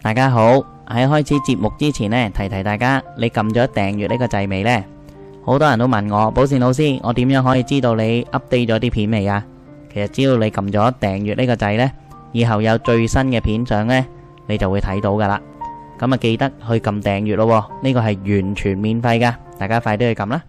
大家好，喺開始節目之前呢，提提大家，你撳咗訂閱呢個掣未呢？好多人都問我，寶善老師，我點樣可以知道你 update 咗啲片未啊？其實只要你撳咗訂閱呢個掣呢，以後有最新嘅片相呢，你就會睇到噶啦。咁啊，記得去撳訂閱咯，呢個係完全免費噶，大家快啲去撳啦。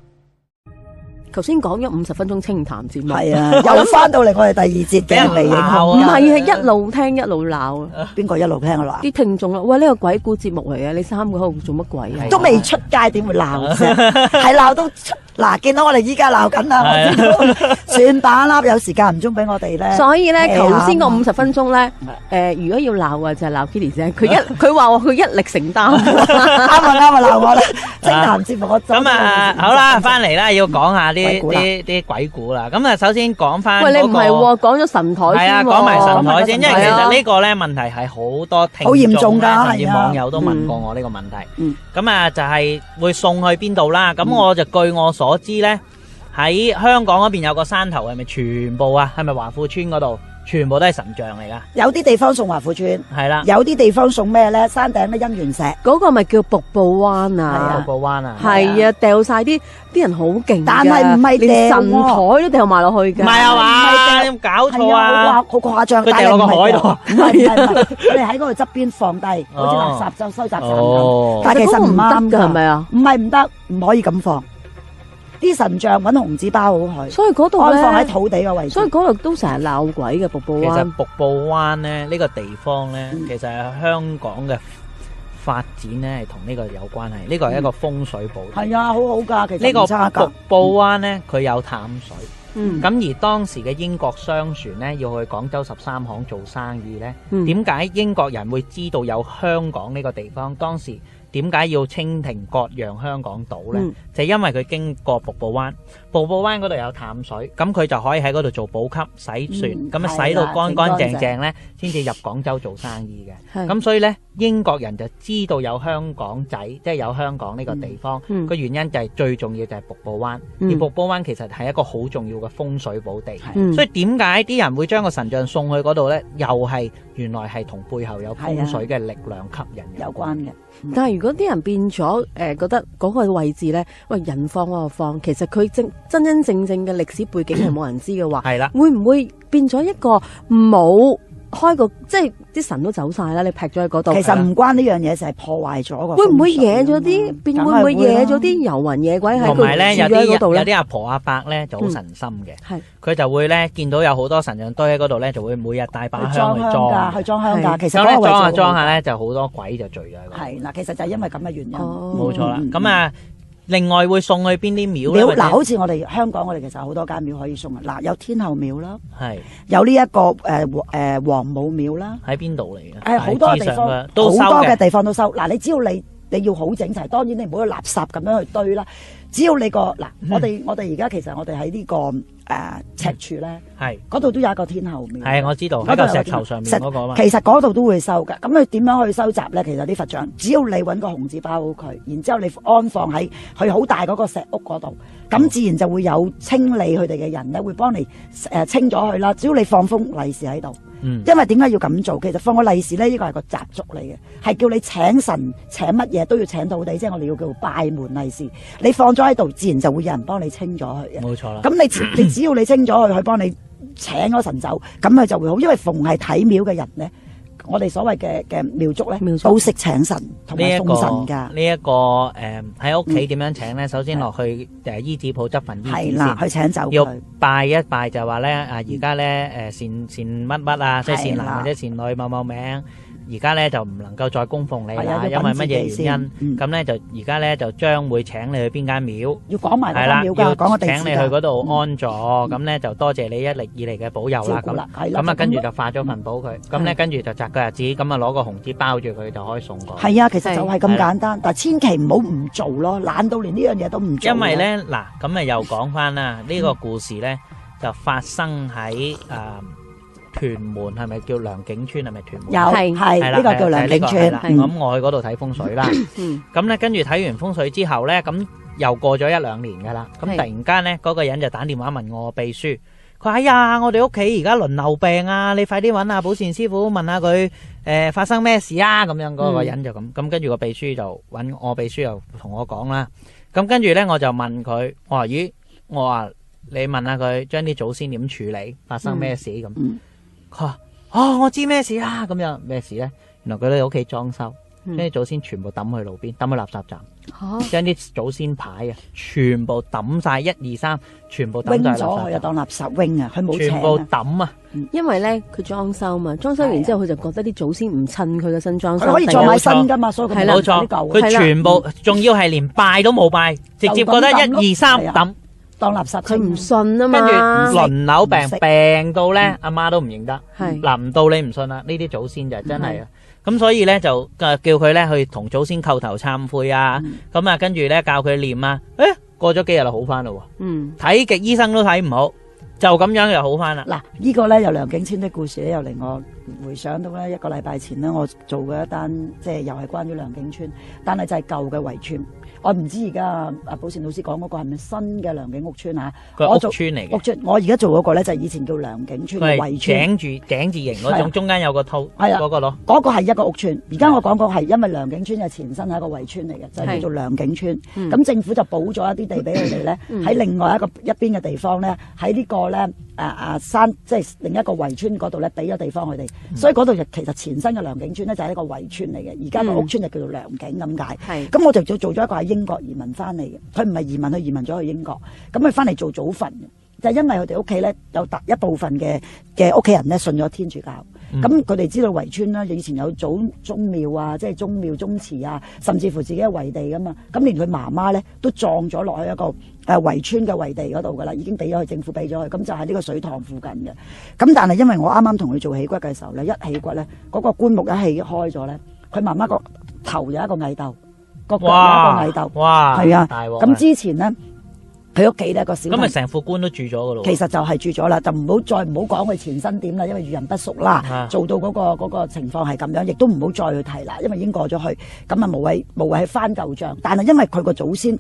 頭先講咗五十分鐘清談節目，係啊，又翻到嚟我哋第二節，冇人鬧啊？唔係啊，一路聽一路鬧啊！邊個一路聽啊鬧？啲聽眾咯，喂，呢個鬼故節目嚟啊，你三個喺度做乜鬼啊？ 都未出街，點會鬧啫？係鬧 到出。嗱，見到我哋依家鬧緊啦，算吧啦，有時間唔中俾我哋咧。所以咧，頭先個五十分鐘咧，誒，如果要鬧啊，就鬧 Kitty 先。佢一佢話我佢一力承擔，啱啊啱啊，鬧我啦，偵探節目我做。咁啊，好啦，翻嚟啦，要講下啲啲啲鬼故啦。咁啊，首先講翻，喂你唔係喎，講咗神台先，係啊，講埋神台先，因為其實呢個咧問題係好多聽眾咧甚至網友都問過我呢個問題。咁啊，就係會送去邊度啦？咁我就據我所。我知咧，喺香港嗰邊有個山頭，係咪全部啊？係咪華富村嗰度全部都係神像嚟噶？有啲地方送華富村，係啦。有啲地方送咩咧？山頂嘅姻緣石？嗰個咪叫瀑布灣啊？瀑布灣啊，係啊，掉晒啲啲人好勁，但係唔係神台都掉埋落去噶？唔係啊嘛，唔係掉，搞錯啊，好誇張，佢掉落個海度，啊！佢哋喺嗰度側邊放低，好似垃圾站收集站咁，但係其實唔得噶，係咪啊？唔係唔得，唔可以咁放。啲神像揾紅紙包好佢，所以嗰度呢，安放喺土地嘅位置，所以嗰度都成日鬧鬼嘅。瀑布灣，其實瀑布灣呢，呢、呢個地方呢，嗯、其實係香港嘅發展呢，係同呢個有關係。呢個係一個風水寶，係啊、嗯，好好㗎。其實呢個瀑布灣呢，佢有淡水，咁、嗯、而當時嘅英國商船呢，要去廣州十三行做生意呢。點解、嗯、英國人會知道有香港呢個地方？當時點解要清廷割讓香港島呢？嗯、就因為佢經過瀑布灣，瀑布灣嗰度有淡水，咁佢就可以喺嗰度做補給、洗船，咁、嗯、樣洗到乾乾淨淨呢，先至的入廣州做生意嘅。咁的所以呢，英國人就知道有香港仔，即、就、係、是、有香港呢個地方個、嗯嗯、原因就係最重要就係瀑布灣。而、嗯、瀑布灣其實係一個好重要嘅風水寶地，嗯、所以點解啲人會將個神像送去嗰度呢？又係原來係同背後有風水嘅力量吸引有關嘅。但係如果啲人變咗誒、呃，覺得嗰個位置咧，喂人放我就放，其實佢正真真正正嘅歷史背景係冇人知嘅話，係啦， 會唔會變咗一個冇開個即係？啲神都走曬啦，你擗咗喺嗰度，其實唔關呢樣嘢，就係破壞咗㗎。會唔會惹咗啲？會唔會惹咗啲遊魂野鬼喺嗰度住喺嗰度咧？有啲阿婆阿伯咧就好神心嘅，佢就會咧見到有好多神像堆喺嗰度咧，就會每日帶把香去裝香㗎，去裝香㗎。其實裝下裝下咧就好多鬼就聚咗喺嗰度。係嗱，其實就係因為咁嘅原因，冇錯啦。咁啊。另外會送去邊啲廟咧？嗱，好似我哋香港，我哋其實好多間廟可以送啊！嗱，有天后廟啦，是有呢、這、一個誒誒、呃呃、黃母廟啦，喺邊度嚟嘅？誒好多地方，好多嘅地方都收。嗱，你只要你。你要好整齊，當然你唔好有垃圾咁樣去堆啦。只要你個嗱，我哋我哋而家其實我哋喺呢個誒赤柱咧，嗰度都有一個天后廟，係我知道。嗰個石頭上面嗰個啊嘛，其實嗰度都會收嘅。咁佢點樣去收集咧？其實啲佛像，只要你揾個紅紙包好佢，然之後你安放喺佢好大嗰個石屋嗰度，咁自然就會有清理佢哋嘅人咧，會幫你誒清咗佢啦。只要你放風利是喺度。嗯，因為點解要咁做？其實放個利是咧，呢個係個習俗嚟嘅，係叫你請神請乜嘢都要請到底，即係我哋要叫拜門利是。你放咗喺度，自然就會有人幫你清咗佢嘅。冇錯啦。咁你你只要你清咗佢，佢 幫你請咗神走，咁佢就會好，因為逢係睇廟嘅人咧。我哋所謂嘅嘅廟祝咧，廟祝好識請神同埋送神噶。呢一個誒喺屋企點樣請咧？嗯、首先落去誒是衣紙鋪執份衣紙先，去請走佢。要拜一拜就話咧啊，而家咧誒善善乜乜啊，即係善男或者善女某某的名。而家咧就唔能夠再供奉你啦，因為乜嘢原因？咁咧就而家咧就將會請你去邊間廟？要講埋邊間廟㗎，又講個地址請你去嗰度安坐，咁咧就多謝你一嚟二嚟嘅保佑啦。咁啦，咁啊跟住就化咗份寶佢，咁咧跟住就擇個日子，咁啊攞個紅紙包住佢就可以送過。係啊，其實就係咁簡單，但係千祈唔好唔做咯，懶到連呢樣嘢都唔做。因為咧嗱，咁啊又講翻啦，呢個故事咧就發生喺誒。屯門係咪叫良景村？係咪屯門？有係係，呢個叫良景村。咁我去嗰度睇風水啦。咁咧，跟住睇完風水之後咧，咁又過咗一兩年噶啦。咁突然間咧，嗰個人就打電話問我秘書，佢話，哎呀，我哋屋企而家輪流病啊，你快啲揾阿寶善師傅問下佢，誒，發生咩事啊？咁樣嗰個人就咁，咁跟住個秘書就揾我秘書，又同我講啦。咁跟住咧，我就問佢，我話咦，我話你問下佢，將啲祖先點處理？發生咩事咁？佢話：哦，我知咩事啊，咁樣咩事咧？原來佢哋屋企裝修，將啲祖先全部抌去路邊，抌去垃圾站，將啲祖先牌啊，全部抌晒，一二三，全部抌曬咗佢就當垃圾扔啊！全部抌啊！因為咧佢裝修啊嘛，裝修完之後佢就覺得啲祖先唔襯佢嘅新裝修，可以再買新噶嘛，所以佢唔好再用啲舊。佢全部仲要係連拜都冇拜，直接覺得一二三抌。當垃圾，佢唔信啊嘛，跟住輪流病懂病到咧，阿媽、嗯、都唔認得，臨到是你唔信啦，呢啲祖先就真係啊，咁、嗯、所以咧就誒叫佢咧去同祖先叩頭懺悔啊，咁啊跟住咧教佢念啊，誒、哎、過咗幾日就好翻啦，嗯，睇極醫生都睇唔好。就咁樣又好翻啦！嗱，呢個咧由梁景村的故事咧，又令我回想到咧一個禮拜前咧，我做過一單即係又係關於梁景村，但係就係舊嘅圍村。我唔知而家啊，寶善老師講嗰個係咪新嘅梁景屋村啊？個屋村嚟嘅屋村。我而家做嗰個咧就係以前叫梁景村嘅圍村，頂住頂字形嗰種，中間有個套，嗰個咯。嗰個係一個屋村。而家我講過係因為梁景村嘅前身係一個圍村嚟嘅，就叫做梁景村。咁政府就補咗一啲地俾佢哋咧，喺另外一個一邊嘅地方咧，喺呢個。咧、啊，啊啊山，即係另一個圍村嗰度咧，俾咗地方佢哋，嗯、所以嗰度就其實前身嘅良景村咧就係一個圍村嚟嘅，而家個屋村就叫做良景咁解。係、嗯，咁我就做做咗一個喺英國移民翻嚟嘅，佢唔係移民，佢移民咗去英國，咁佢翻嚟做祖墳，就是、因為佢哋屋企咧有特一部分嘅嘅屋企人咧信咗天主教。咁佢哋知道圍村啦，以前有祖宗廟啊，即係宗廟宗祠啊，甚至乎自己嘅遺地噶嘛。咁連佢媽媽咧都葬咗落去一個誒圍村嘅遺地嗰度噶啦，已經俾咗佢政府俾咗佢。咁就喺呢個水塘附近嘅。咁但係因為我啱啱同佢做起骨嘅時候咧，一起骨咧嗰個棺木一起開咗咧，佢媽媽個頭有一個蟻竇，個腳有一個蟻竇，哇！係啊，咁之前咧。佢屋企咧個小，咁咪成副官都住咗噶咯。其實就係住咗啦，就唔好再唔好講佢前身點啦，因為遇人不淑啦。做到嗰個嗰個情況係咁樣，亦都唔好再去提啦，因為已經過咗去。咁啊無謂無謂去翻舊帳，但係因為佢個祖先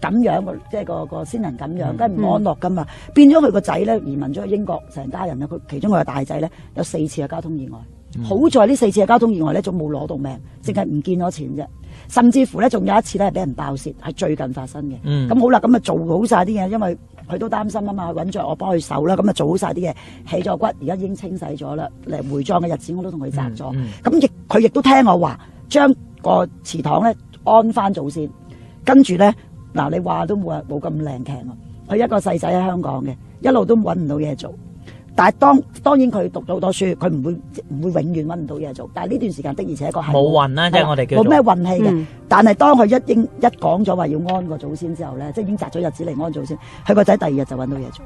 咁樣，即係個個先人咁樣梗係唔安樂噶嘛，變咗佢個仔咧移民咗去英國，成家人咧佢其中個大仔咧有四次嘅交通意外，好在呢四次嘅交通意外咧仲冇攞到命，淨係唔見咗錢啫。甚至乎咧，仲有一次咧，係俾人爆泄，係最近發生嘅。咁、嗯、好啦，咁啊做好晒啲嘢，因為佢都擔心啊嘛，揾著我幫佢手啦。咁啊做好晒啲嘢，起咗骨，而家已經清洗咗啦。嚟回葬嘅日子，我都同佢摘咗。咁、嗯嗯、亦佢亦都聽我話，將個祠堂咧安翻做先。跟住咧，嗱你話都冇冇咁靚劇啊！佢一個細仔喺香港嘅，一路都揾唔到嘢做。但係當當然佢讀咗好多書，佢唔會唔會永遠揾唔到嘢做。但係呢段時間的而且確係冇運啦，即係我哋叫冇咩運氣嘅。嗯、但係當佢一應一講咗話要安個祖先之後咧，即係已經擇咗日子嚟安祖先，佢個仔第二日就揾到嘢做。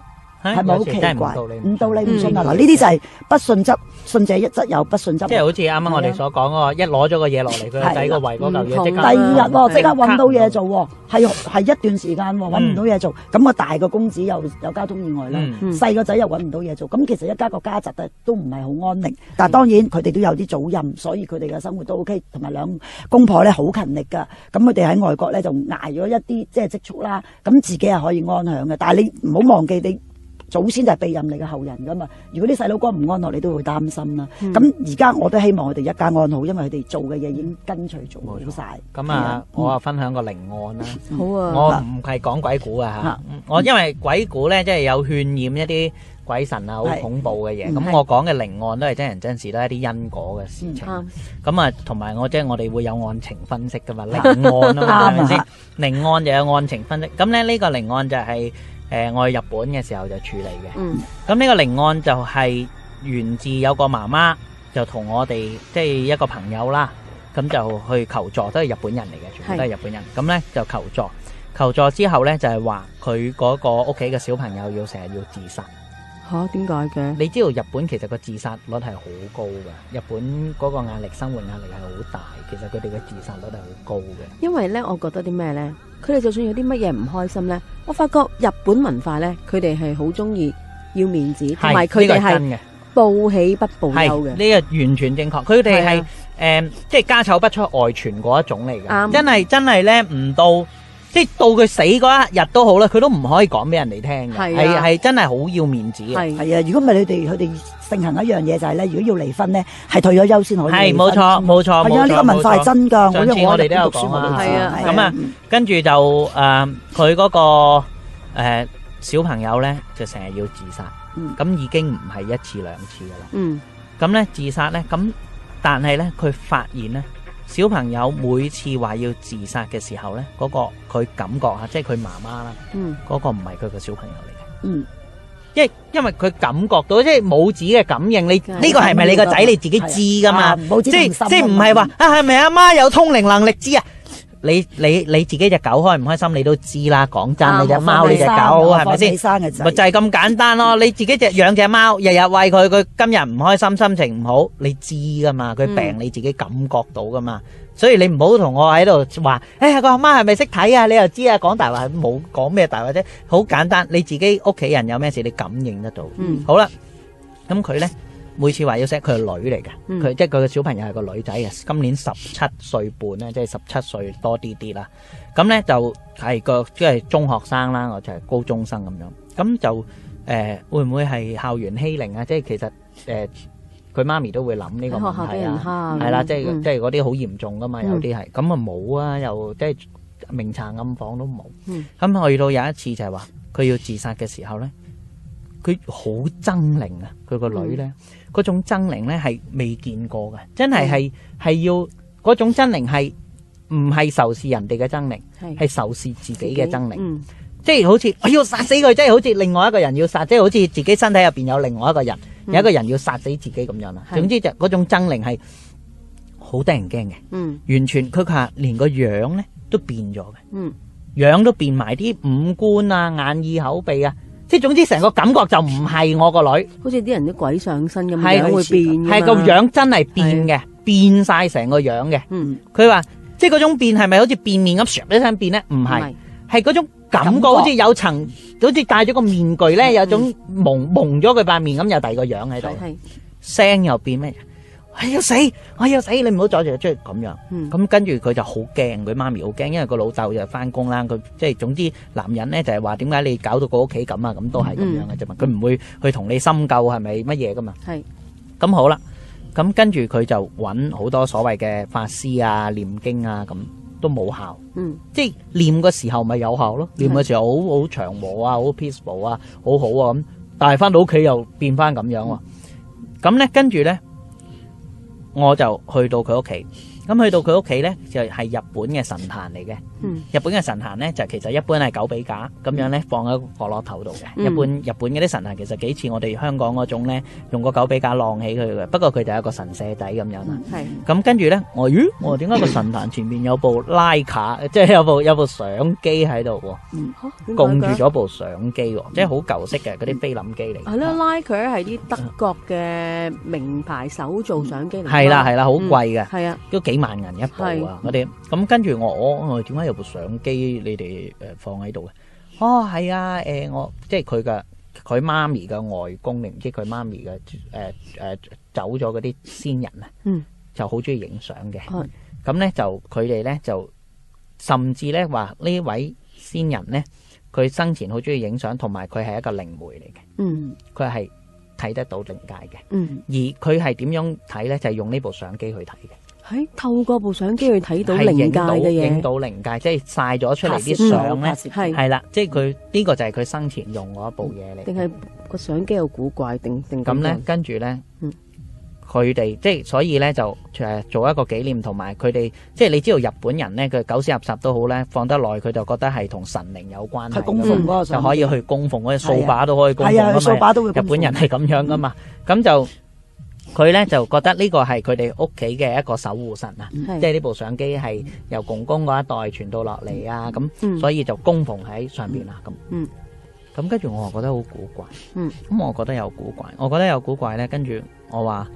係咪好奇怪？唔道理唔信啊！嗱，呢啲就係不信則信者一則有，不信則即係好似啱啱我哋所講嗰個，一攞咗個嘢落嚟，個仔個位冇第二日喎，即刻揾到嘢做喎，係係一段時間揾唔到嘢做，咁個大個公子又有交通意外啦，細個仔又揾唔到嘢做，咁其實一家個家宅都唔係好安寧。但係當然佢哋都有啲祖任，所以佢哋嘅生活都 OK，同埋兩公婆咧好勤力㗎。咁佢哋喺外國咧就捱咗一啲即係積蓄啦，咁自己係可以安享嘅。但係你唔好忘記你。祖先就係庇蔭你嘅後人噶嘛，如果啲細佬哥唔安樂，你都會擔心啦。咁而家我都希望佢哋一家安好，因為佢哋做嘅嘢已經跟隨做咗晒。咁啊，我啊分享個靈案啦。好啊。我唔係講鬼故啊吓，我因為鬼故咧，即係有渲染一啲鬼神啊，好恐怖嘅嘢。咁我講嘅靈案都係真人真事，都係一啲因果嘅事情。咁啊，同埋我即係我哋會有案情分析噶嘛？靈案啊嘛，係咪先？靈案就有案情分析。咁咧呢個靈案就係。誒、呃，我去日本嘅時候就處理嘅。嗯，咁呢個靈案就係源自有個媽媽就同我哋即係一個朋友啦，咁就去求助，都係日本人嚟嘅，全部都係日本人。咁呢是就求助，求助之後呢，就係話佢嗰個屋企嘅小朋友要成日要自殺。嚇，點解嘅？哦、你知道日本其實個自殺率係好高嘅，日本嗰個壓力、生活壓力係好大，其實佢哋嘅自殺率係好高嘅。因為咧，我覺得啲咩咧，佢哋就算有啲乜嘢唔開心咧，我發覺日本文化咧，佢哋係好鍾意要面子，同埋佢哋係報喜不報憂嘅。呢個完全正確，佢哋係誒即係家醜不出外傳嗰一種嚟嘅。啱對，真係真係咧唔到。即係到佢死嗰一日都好啦，佢都唔可以講俾人哋聽嘅，係係真係好要面子嘅。係啊，如果唔係你哋佢哋盛行一樣嘢就係咧，如果要離婚咧，係退咗休先可以。係冇錯冇錯冇錯。係啊，呢個文化係真噶。上次我哋都有講啊。係啊。咁啊，跟住就誒，佢嗰個誒小朋友咧，就成日要自殺。嗯。咁已經唔係一次兩次噶啦。嗯。咁咧自殺咧，咁但係咧佢發現咧。小朋友每次話要自殺嘅時候咧，嗰、嗰個佢感覺啊，即係佢媽媽啦，嗰、嗯、個唔係佢個小朋友嚟嘅，嗯、因為因為佢感覺到，即係母子嘅感應，你呢、呢個係咪你個仔你自己知噶嘛？即係即係唔係話啊係咪阿媽有通靈能力知、嗯、啊？是你你你自己隻狗開唔開心，你都知啦。講真，你隻貓你隻狗係咪先？咪就係咁簡單咯？你自己只養隻貓，日日餵佢，佢今日唔開心，心情唔好，你知噶嘛？佢病你自己感覺到噶嘛？嗯、所以你唔好同我喺度話誒，個阿媽係咪識睇啊？你又知啊？講大話冇講咩大話啫，好簡單。你自己屋企人有咩事，你感應得到。嗯，嗯好啦，咁佢咧。每次話要識佢個女嚟嘅，佢即係佢嘅小朋友係個女仔嘅，今年十七歲半咧，即係十七歲多啲啲啦。咁咧就係個即係中學生啦，我就係高中生咁樣。咁就誒會唔會係校園欺凌啊？即係其實誒佢媽咪都會諗呢個問題啊，係啦，即係即係嗰啲好嚴重噶嘛，有啲係咁啊，冇啊，又即係明查暗訪都冇。咁去到有一次就係話佢要自殺嘅時候咧，佢好憎憤啊！佢個女咧。嗰種猙獰呢係未見過嘅，真係係係要嗰種猙獰係唔係仇視人哋嘅猙獰，係是仇視自己嘅猙獰，嗯、即係好似我要殺死佢，即、就、係、是、好似另外一個人要殺，即、就、係、是、好似自己身體入邊有另外一個人，嗯、有一個人要殺死自己咁樣啦。是總之就嗰種猙獰係好得人驚嘅，嗯，完全佢話連個樣呢都變咗嘅，嗯，樣都變埋啲五官啊、眼耳口鼻啊。即總之成個感覺就唔係我個女，好似啲人啲鬼上身咁樣，係是會變，係的個樣真係變嘅，變晒成個樣嘅。嗯，佢話即係嗰種變係咪好似變面咁 short 一聲變咧？唔係，係嗰種感覺，好似覺有層，好似戴咗個面具咧，有種蒙、嗯、蒙咗佢塊面咁，有第二個樣喺度，聲的的又變咩？係要死，我要死，你唔好阻住出咁樣。嗯，咁跟住佢就好驚，佢媽咪好驚，因為個老豆就翻工啦。佢即係總之男人咧就係話，點解你搞到個屋企咁啊？咁都係咁樣嘅啫嘛。佢唔會去同你深究係咪乜嘢噶嘛。係，咁好啦。咁跟住佢就揾好多所謂嘅法師啊、念經啊，咁都冇效。嗯，即係念嘅時候咪有效咯，念嘅時候好好祥和啊，好 peaceful 啊，好好啊。咁但係翻到屋企又變翻咁樣喎。咁咧，跟住咧。我就去到佢屋企。咁去到佢屋企咧，就係日本嘅神壇嚟嘅。日本嘅神壇咧，就其實一般係狗比架咁樣咧，放喺角落頭度嘅。一般日本嗰啲神壇其實幾似我哋香港嗰種咧，用個狗比架晾起佢嘅。不過佢就係一個神社底咁樣啦。係。咁跟住咧，我咦？我點解個神壇前面有部拉卡？即係有部有部相機喺度喎。嚇！供住咗部相機喎，即係好舊式嘅嗰啲菲林機嚟。係咯，拉卡係啲德國嘅名牌手造相機嚟。係啦係啦，好貴嘅。係啊，都幾～幾萬銀一部啊！是我哋咁、嗯嗯、跟住我我點解有部相機？你哋誒放喺度嘅？哦，係啊！誒、呃，我即係佢嘅佢媽咪嘅外公，定唔知佢媽咪嘅誒誒走咗嗰啲先人啊？嗯，就好中意影相嘅。咁咧、嗯、就佢哋咧就甚至咧話呢位先人咧，佢生前好中意影相，同埋佢係一個靈媒嚟嘅。嗯，佢係睇得到靈界嘅。嗯，而佢係點樣睇咧？就係、是、用呢部相機去睇嘅。喺透過部相機去睇到靈界嘅嘢，影到靈界，即係曬咗出嚟啲相咧，係啦，即係佢呢個就係佢生前用一部嘢嚟。定係個相機好古怪定定咁咧？跟住咧，嗯，佢哋即係所以咧就誒做一個紀念，同埋佢哋即係你知道日本人咧，佢狗屎垃圾都好咧，放得耐佢就覺得係同神靈有關係，嗯，就可以去供奉嗰掃把都可以供奉，係啊，掃把都會日本人係咁樣噶嘛，咁就。佢咧就覺得呢個係佢哋屋企嘅一個守護神啊，即係呢部相機係由公公嗰一代傳到落嚟啊，咁所以就供奉喺上邊啊，咁，咁跟住我就覺得好古怪，咁我覺得有古怪，我覺得有古怪咧。跟住我話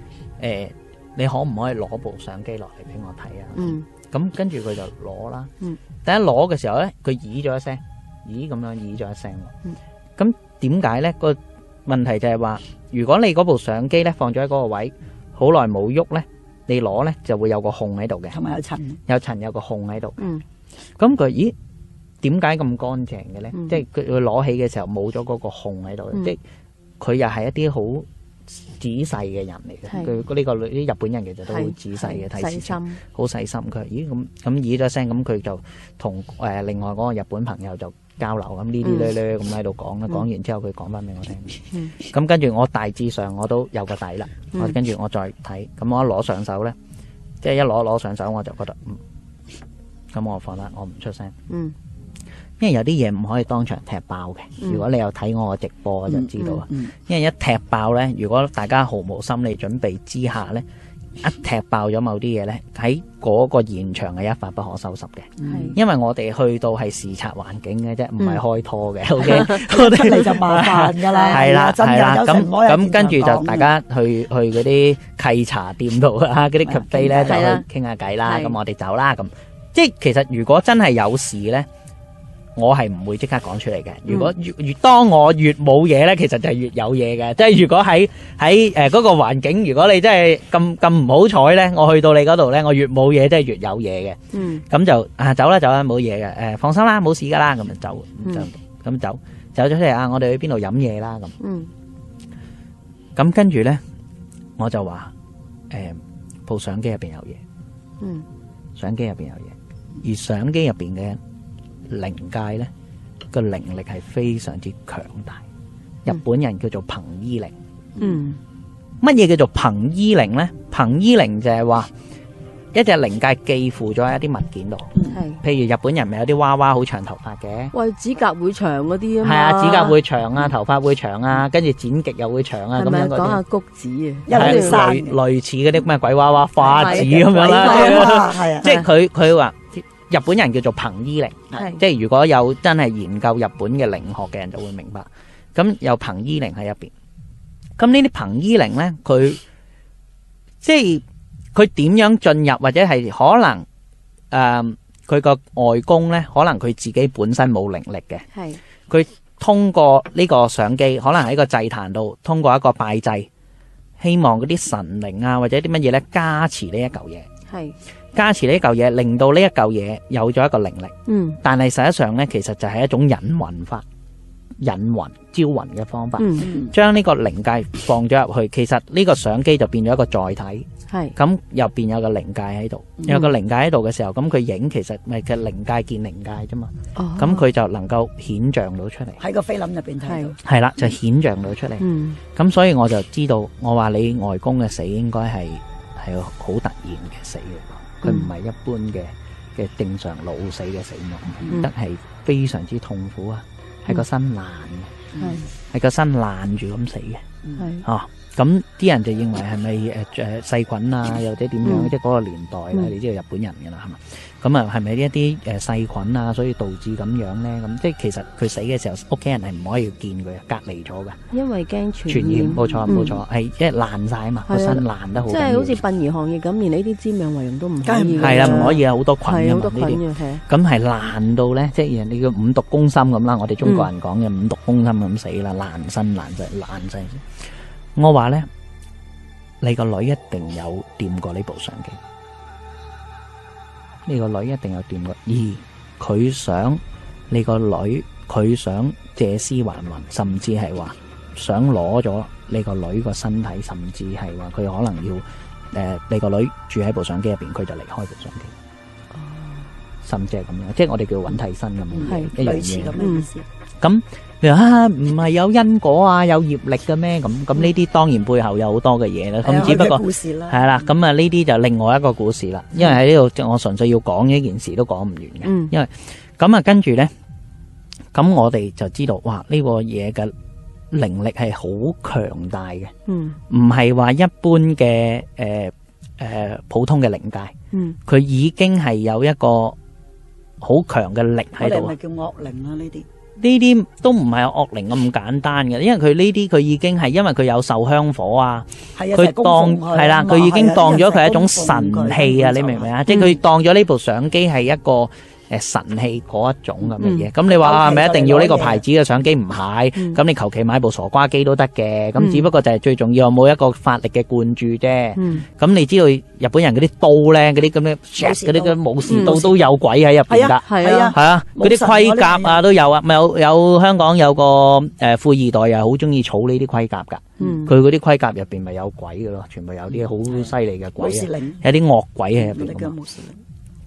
誒，你可唔可以攞部相機落嚟俾我睇啊？咁跟住佢就攞啦，第一攞嘅時候咧，佢咦咗一聲，咦咁樣咦咗一聲，咁點解咧個？問題就係話，如果你嗰部相機咧放咗喺嗰個位，好耐冇喐咧，你攞咧就會有個控喺度嘅。有塵，有塵，有塵，有個控喺度。咁佢咦？點解咁乾淨嘅咧？嗯、即係佢攞起嘅時候冇咗嗰個孔喺度。即係佢又係一啲好仔細嘅人嚟嘅。佢呢是個呢啲日本人其實都好仔細嘅，睇事情好細心。佢咦咁咁咦咗聲，咁佢就同誒另外嗰個，個日本朋友就。交流咁呢啲咧咧咁喺度講咧，講、嗯、完之後佢講翻俾我聽，咁、嗯、跟住我大致上我都有個底啦。我、嗯、跟住我再睇，咁我一攞上手呢，即係一攞攞上手我就覺得，咁、嗯、我放低我唔出聲，嗯、因為有啲嘢唔可以當場踢爆嘅。嗯、如果你有睇我直播，我就知道啦。嗯嗯嗯嗯、因為一踢爆呢，如果大家毫無心理準備之下呢。一踢爆咗某啲嘢咧，喺嗰個現場係一發不可收拾嘅。因為我哋去到係視察環境嘅啫，唔係開拖嘅。OK，我哋就麻煩噶啦。係啦，係啦。咁咁跟住就大家去去嗰啲契茶店度啊，嗰啲咖啡咧就去傾下偈啦。咁我哋走啦。咁即係其實如果真係有事咧。我係唔會即刻講出嚟嘅。如果越越當我越冇嘢咧，其實就係越有嘢嘅。即係如果喺喺誒嗰個環境，如果你真係咁咁唔好彩咧，我去到你嗰度咧，我越冇嘢，即係越有嘢嘅。嗯，咁就啊走啦走啦冇嘢嘅。誒，放心啦，冇事㗎啦，咁就走咁走走咗出嚟啊！我哋去邊度飲嘢啦咁。嗯，咁跟住咧，我就話誒部相機入邊有嘢。嗯，相機入邊有嘢，而相機入邊嘅。靈界咧，個靈力係非常之強大。日本人叫做彭依靈，嗯，乜嘢叫做彭依靈咧？彭依靈就係話一隻靈界寄附咗喺一啲物件度。譬如日本人咪有啲娃娃好長頭髮嘅，喂，指甲會長嗰啲，係啊，指甲會長啊，頭髮會長啊，跟住剪極又會長啊，咁樣講下菊子啊，一啲類似嗰啲咩鬼娃娃花子咁樣啦，係啊，即係佢佢話。日本人叫做憑依靈，是即係如果有真係研究日本嘅靈學嘅人就會明白，咁有憑依靈喺入邊，咁呢啲憑依靈呢，佢即係佢點樣進入或者係可能誒，佢、呃、個外公呢，可能佢自己本身冇靈力嘅，係佢是通過呢個相機，可能喺個祭壇度通過一個拜祭，希望嗰啲神靈啊或者啲乜嘢呢加持呢一嚿嘢，係。加持呢一嚿嘢，令到呢一嚿嘢有咗一個靈力，嗯，但係實質上呢，其實就係一種引魂法，引魂招魂嘅方法，嗯，將呢、嗯、個靈界放咗入去，其實呢個相機就變咗一個載體，係。咁入邊有個靈界喺度，有個靈界喺度嘅時候，咁佢影其實咪嘅靈界見靈界啫嘛，咁佢、哦、就能夠顯象到出嚟，喺個菲林入邊睇，係啦、哦，就顯象到出嚟，咁、嗯嗯、所以我就知道，我話你外公嘅死應該係，係好突然嘅死嘅佢唔係一般嘅嘅正常老死嘅死亡，嗯、但係非常之痛苦啊！係個身爛嘅，係，係個身爛住咁死嘅，係，哦，咁啲人就認為係咪誒誒細菌啊，又或者點樣？嗯、即係嗰個年代，嗯、你知道日本人噶啦，係嘛、嗯？咁啊，係咪呢一啲誒細菌啊，所以導致咁樣咧？咁即係其實佢死嘅時候，屋企人係唔可以見佢，隔離咗㗎。因為驚傳染。傳染，冇錯，冇錯，係因為爛曬啊嘛，個身爛得好。即係好似殯儀行業咁，連呢啲瞻仰遺容都唔可以。係啦，唔可以啊，好多菌啊嘛。好多菌嘅係。咁係爛到咧，即係人哋叫五毒攻心咁啦。我哋中國人講嘅五毒攻心咁死啦，爛身爛製爛製。我話咧，你個女一定有掂過呢部相機。呢個女一定有段過，而，佢想呢個女，佢想借屍還魂，甚至係話想攞咗你個女個身體，甚至係話佢可能要誒、呃，你個女住喺部相機入邊，佢就離開部相機，哦、甚至係咁樣、樣，即係我哋叫揾替身咁樣，係類似咁嘅意思。咁、嗯你話唔係有因果啊，有業力嘅咩？咁咁呢啲當然背後有好多嘅嘢啦。咁只不過係啦，咁啊呢啲就另外一個故事啦。因為喺呢度我純粹要講呢件事都講唔完嘅。因為咁啊，跟住呢，咁我哋就知道哇，呢個嘢嘅靈力係好強大嘅。嗯，唔係話一般嘅誒誒普通嘅靈界。嗯，佢已經係有一個好強嘅力喺度。我哋咪叫惡靈啦呢啲。呢啲都唔係惡靈咁簡單嘅，因為佢呢啲佢已經係因為佢有受香火啊，佢當係啦，佢、啊、已經當咗佢係一種神器啊！你明唔明啊？嗯、即係佢當咗呢部相機係一個，誒神器嗰一種咁嘅嘢，咁你話係咪一定要呢個牌子嘅相機唔係？咁你求其買部傻瓜機都得嘅，咁只不過就係最重要有冇一個法力嘅灌注啫。咁你知道日本人嗰啲刀咧，嗰啲咁嘅劍，嗰啲咁武士刀都有鬼喺入邊㗎。係啊，係啊，嚇！嗰啲盔甲啊都有啊，有有香港有個誒富二代又好中意儲呢啲盔甲㗎。嗯，佢嗰啲盔甲入邊咪有鬼㗎咯？全部有啲好犀利嘅鬼，有啲惡鬼喺入邊。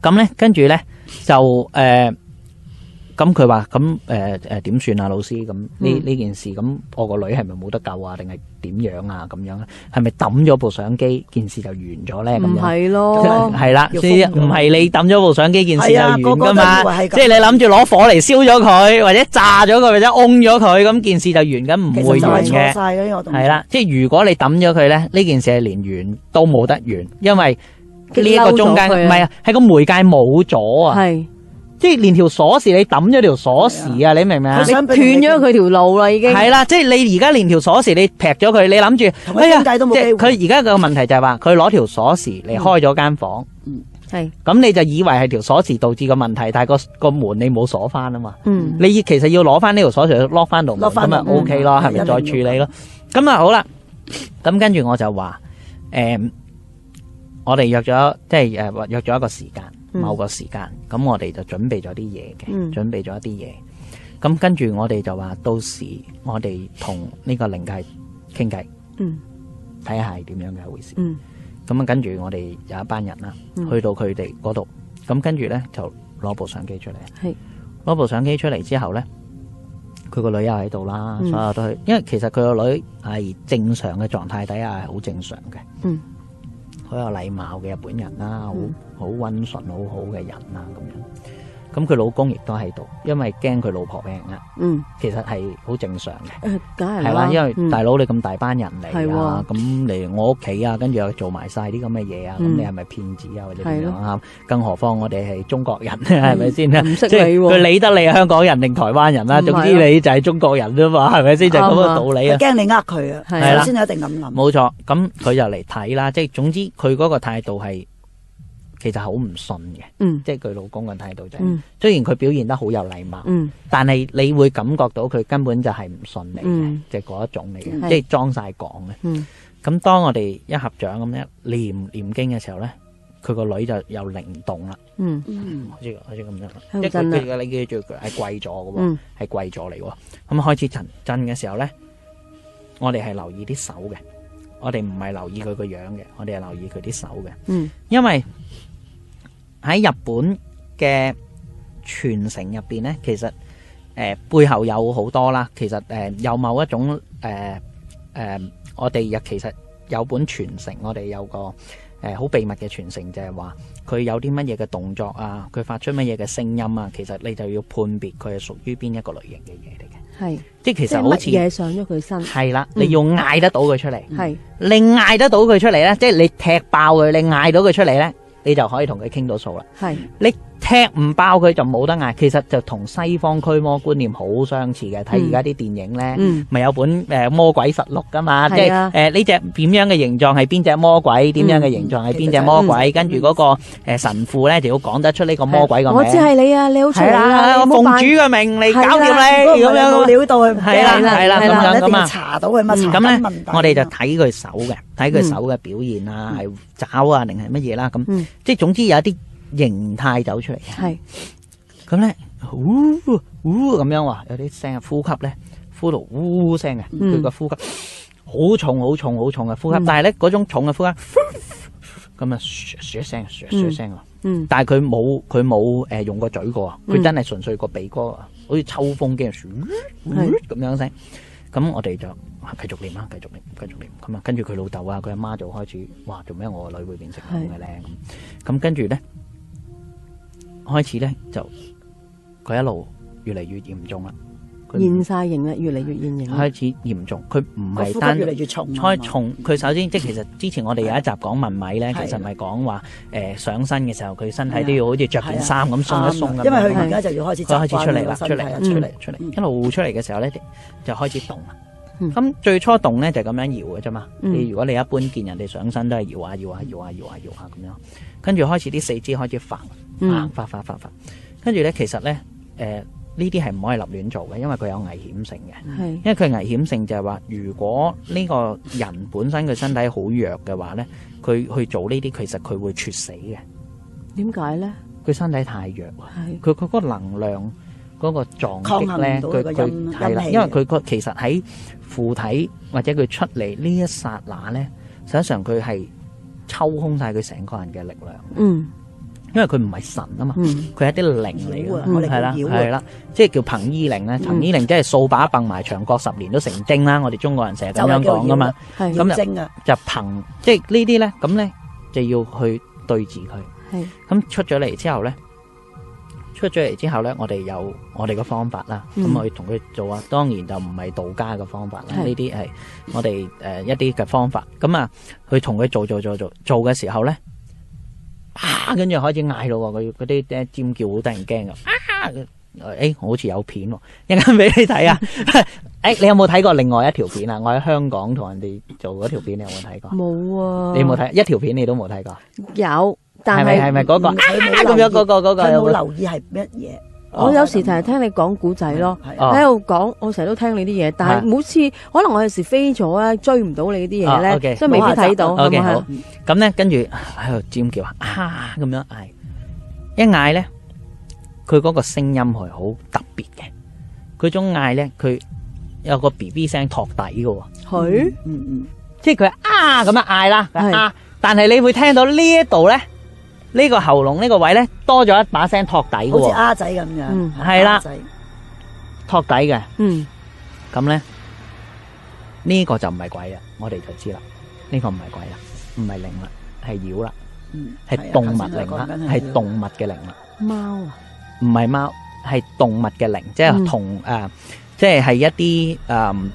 咁咧，跟住咧就誒，咁佢話咁誒誒點算啊，老師？咁呢呢件事咁，我個女係咪冇得救啊，定係點樣啊？咁樣咧，係咪抌咗部相機，件事就完咗咧？咁樣，唔係咯，係啦，所以唔係你抌咗部相機，件事就完噶嘛。即係你諗住攞火嚟燒咗佢，或者炸咗佢，或者㧬咗佢，咁件事就完緊，唔會完嘅。係啦，即係如果你抌咗佢咧，呢件事係連完都冇得完，因為。呢一個中間唔係啊，係個媒介冇咗啊，係即係連條鎖匙你抌咗條鎖匙啊，你明唔明啊？想斷咗佢條路啦，已經係啦，即係你而家連條鎖匙你劈咗佢，你諗住哎呀，即係佢而家個問題就係話佢攞條鎖匙嚟開咗間房，嗯係，咁你就以為係條鎖匙導致個問題，但係個個門你冇鎖翻啊嘛，嗯，你其實要攞翻呢條鎖匙去 lock 翻度，咁咪 OK 咯，係咪再處理咯？咁啊好啦，咁跟住我就話誒。我哋約咗，即係誒，約咗一個時間，嗯、某個時間，咁我哋就準備咗啲嘢嘅，嗯、準備咗一啲嘢。咁跟住我哋就話，到時我哋同呢個靈界傾偈，睇下係點樣嘅一回事。咁啊、嗯，跟住我哋有一班人啦，嗯、去到佢哋嗰度，咁跟住咧就攞部相機出嚟。攞是部相機出嚟之後咧，佢個女又喺度啦，所有都係，嗯、因為其實佢個女係正常嘅狀態底下係好正常嘅。嗯好有禮貌嘅日本人啦、啊，好好温順、好好嘅人啦、啊，咁樣。咁佢老公亦都喺度，因為驚佢老婆俾人呃。嗯，其實係好正常嘅。梗係係啦，因為大佬你咁大班人嚟啊，咁嚟我屋企啊，跟住又做埋晒啲咁嘅嘢啊，咁你係咪騙子啊或者點樣啊？更何況我哋係中國人咧，係咪先？即係佢理得你香港人定台灣人啦，總之你就係中國人啫嘛，係咪先？就係咁嘅道理啊！驚你呃佢啊，係啦，先一定咁諗。冇錯，咁佢就嚟睇啦，即係總之佢嗰個態度係。其實好唔信嘅，即係佢老公嘅態度就係，雖然佢表現得好有禮貌，但係你會感覺到佢根本就係唔信你嘅，即係嗰一種嚟嘅，即係裝晒講嘅。咁當我哋一合掌咁一念唸經嘅時候咧，佢個女就又靈動啦。嗯，好似好似咁樣，一個嘅你嘅最係貴咗嘅喎，係貴咗嚟喎。咁開始陳震嘅時候咧，我哋係留意啲手嘅，我哋唔係留意佢個樣嘅，我哋係留意佢啲手嘅。嗯，因為。喺日本嘅傳承入邊咧，其實誒、呃、背後有好多啦。其實誒有某一種誒誒，我哋又其實有本傳承，我哋有個誒好、呃、秘密嘅傳承就，就係話佢有啲乜嘢嘅動作啊，佢發出乜嘢嘅聲音啊，其實你就要判別佢係屬於邊一個類型嘅嘢嚟嘅。係是，即係其實好似嘢上咗佢身。係啦，你要嗌得到佢出嚟。係的，你嗌得到佢出嚟咧，即係你踢爆佢，你嗌到佢出嚟咧。你就可以同佢傾到數啦。係你。踢唔包佢就冇得挨，其實就同西方驅魔觀念好相似嘅。睇而家啲電影咧，咪有本誒魔鬼實錄㗎嘛？即係誒呢隻點樣嘅形狀係邊隻魔鬼？點樣嘅形狀係邊隻魔鬼？跟住嗰個誒神父咧，就要講得出呢個魔鬼嘅名。我知係你啊，你好聰明啊，我奉主嘅命嚟搞掂你咁樣。料到佢係啦係啦咁樣咁啊，查到佢咪查啲問題。我哋就睇佢手嘅，睇佢手嘅表現啊，係爪啊，定係乜嘢啦？咁即係總之有啲形態走出嚟，係咁咧，呼呼咁樣喎，有啲聲呼吸咧，呼到呼呼聲嘅，佢個呼吸好重、好重、好重嘅呼吸，呼吸嗯、但係咧嗰種重嘅呼吸咁啊，咻一聲，咻一聲喎，嗯、但係佢冇佢冇誒用個嘴過，佢真係純粹個鼻哥，好似抽風機咁樣聲。咁是我哋就繼續練啦，繼續練，繼續練咁啊。跟住佢老豆啊，佢阿媽就開始哇，做咩我個女會變成咁嘅咧？咁咁是跟住咧。開始咧就佢一路越嚟越嚴重啦，現晒形啦，越嚟越現形。開始嚴重，佢唔係單越嚟越重，再重。佢、嗯、首先即係其實之前我哋有一集講問米咧，的其實唔係講話誒上身嘅時候佢身體都要好似着件衫咁送一送。因為佢而家就要開始走翻出嚟啦，出嚟出嚟出嚟，一路出嚟嘅時候咧就開始凍。咁、嗯、最初動咧就係、是、咁樣搖嘅啫嘛。嗯、你如果你一般見人哋上身都係搖啊搖啊搖啊搖啊搖啊咁樣，跟住開始啲四肢開始發硬、發發發發，跟住咧其實咧誒呢啲係唔可以立亂做嘅，因為佢有危險性嘅。係是，因為佢危險性就係話，如果呢個人本身佢身體好弱嘅話咧，佢去做呢啲其實佢會猝死嘅。點解咧？佢身體太弱，佢佢個能量。嗰個撞擊咧，佢佢係啦，因為佢個其實喺附體或者佢出嚟呢一剎那咧，實際上佢係抽空晒佢成個人嘅力量。嗯，因為佢唔係神啊嘛，佢係一啲靈嚟嘅，係啦係啦，即係叫憑依靈咧。憑依靈即係掃把揼埋牆角十年都成精啦。我哋中國人成日咁樣講噶嘛，咁就就憑即係呢啲咧，咁咧就要去對峙佢。係咁出咗嚟之後咧。出咗嚟之後咧，我哋有我哋嘅方法啦，咁去同佢做啊。當然就唔係道家嘅方法啦，呢啲係我哋誒一啲嘅方法。咁啊，去同佢做做做做做嘅時候咧，啊，跟住開始嗌咯，佢嗰啲咧尖叫好得人驚噶啊，誒，我好似有片，一陣俾你睇啊。誒，你有冇睇過另外一條片啊？我喺香港同人哋做嗰條片，你有冇睇過？冇啊。你有冇睇一條片，你都冇睇過？有。但係係咪係咪嗰個咁樣？嗰個嗰個有冇留意係乜嘢？我有時就係聽你講古仔咯，喺度講，我成日都聽你啲嘢，但係好似可能我有時飛咗咧，追唔到你啲嘢咧，所以未必睇到咁啊。咁咧，跟住喺度尖叫啊咁樣嗌，一嗌咧，佢嗰個聲音係好特別嘅。佢一嗌咧，佢有個 B B 聲托底噶喎，係嗯嗯，即係佢啊咁樣嗌啦啊，但係你會聽到呢一度咧。呢個喉嚨呢個位咧多咗一把聲托底嘅，哦，好似阿、嗯、仔咁樣，係啦的，托底嘅。嗯，咁咧呢個就唔係鬼啦，我哋就知啦。呢個唔係鬼啦，唔係靈啦，係妖啦，係動物靈啦，係動物嘅靈啦。貓啊？唔係貓，係動物嘅靈，即係同誒，即係係一啲誒，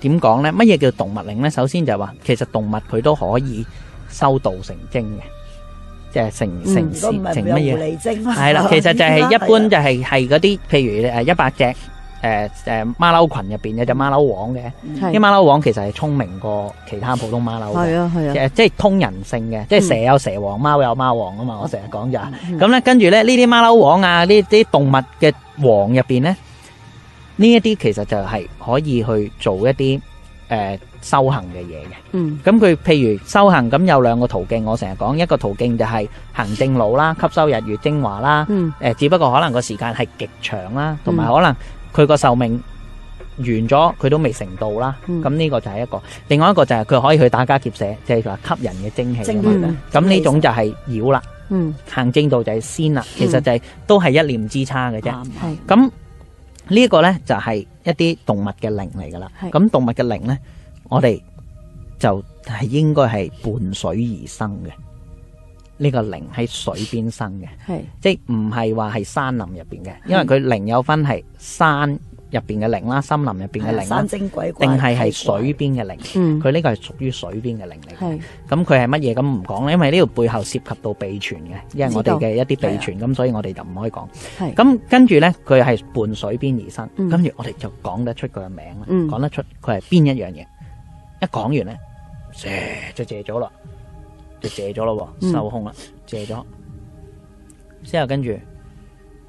點講咧？乜嘢叫動物靈咧？首先就話，其實動物佢都可以。修道成精嘅，即係成成成乜嘢？係啦， 其實就係一般就係係嗰啲，譬 的如誒一百隻誒誒馬騮群入邊有隻馬騮王嘅，啲馬騮王其實係聰明過其他普通馬騮嘅，係啊係啊，即係通人性嘅，即係蛇有蛇王，貓 有貓王啊嘛，我成日講就咁咧，跟住咧呢啲馬騮王啊，呢啲動物嘅王入邊咧，呢一啲其實就係可以去做一啲誒。呃呃呃嗯修行嘅嘢嘅，咁佢、嗯、譬如修行，咁有兩個途徑。我成日講一個途徑就係行正路啦，吸收日月精華啦，誒、嗯，只不過可能個時間係極長啦，同埋可能佢個壽命完咗，佢都未成道啦。咁呢、嗯、個就係一個，另外一個就係佢可以去打家劫舍，即係話吸人嘅精氣，咁咁呢種就係妖啦，嗯、行正道就係仙啦。其實就係都係一念之差嘅啫。係咁、嗯、呢一個咧，就係、是、一啲動物嘅靈嚟噶啦。咁的動物嘅靈呢？我哋就係應該係伴水而生嘅，呢、這個靈喺水邊生嘅，係即係唔係話係山林入邊嘅，因為佢靈有分係山入邊嘅靈啦，森林入邊嘅靈啦，山精鬼怪定係係水邊嘅靈，嗯，佢呢個係屬於水邊嘅靈嚟。係咁佢係乜嘢？咁唔講咧，因為呢度背後涉及到秘傳嘅，因為我哋嘅一啲秘傳，咁、嗯、對 bet. 所以我哋就唔可以講，係咁跟住咧，佢係伴水邊而生，跟住、嗯、我哋就講得出佢嘅名啦，講得出佢係邊一樣嘢。一講完咧，借就借咗咯，就借咗咯，收空啦，借咗，之後跟住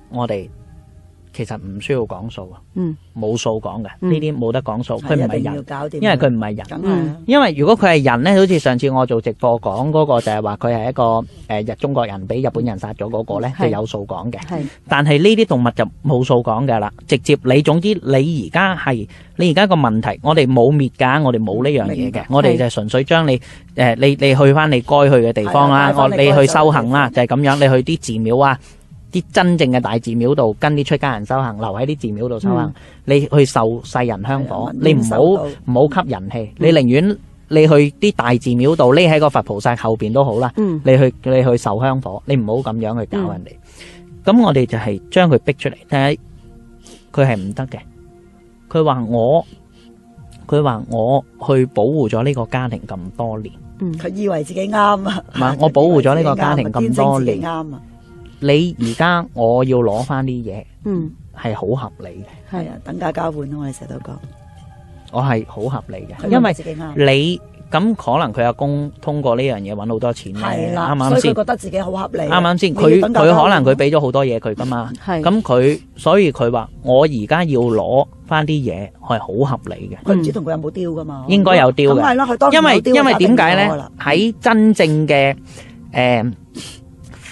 我哋。其實唔需要講數啊，嗯，冇數講嘅，呢啲冇得講數，佢唔係人，因為佢唔係人，因為如果佢係人呢，好似上次我做直播講嗰個就係話佢係一個誒日中國人俾日本人殺咗嗰個呢，就有數講嘅，係。但係呢啲動物就冇數講噶啦，直接你總之你而家係你而家個問題，我哋冇滅噶，我哋冇呢樣嘢嘅，我哋就純粹將你誒你你去返你該去嘅地方啦，我你去修行啦，就係咁樣，你去啲寺廟啊。啲真正嘅大寺廟度跟啲出家人修行，留喺啲寺廟度修行。你去受世人香火，你唔好唔好吸人氣。你寧願你去啲大寺廟度匿喺個佛菩薩後邊都好啦。你去你去受香火，你唔好咁樣去搞人哋。咁我哋就係將佢逼出嚟，但係佢係唔得嘅。佢話我，佢話我去保護咗呢個家庭咁多年，佢以為自己啱啊。唔係，我保護咗呢個家庭咁多年。你而家我要攞翻啲嘢，嗯，係好合理嘅。係啊，等價交換咯，我哋成日都講，我係好合理嘅。因為自己啱。你咁可能佢阿公通過呢樣嘢揾好多錢，係啦，啱唔啱先？覺得自己好合理，啱唔啱先？佢佢可能佢俾咗好多嘢佢噶嘛，係。咁佢所以佢話我而家要攞翻啲嘢係好合理嘅。佢唔知同佢有冇丟噶嘛？應該有丟嘅，咁咪咯。因為因為點解咧？喺真正嘅誒。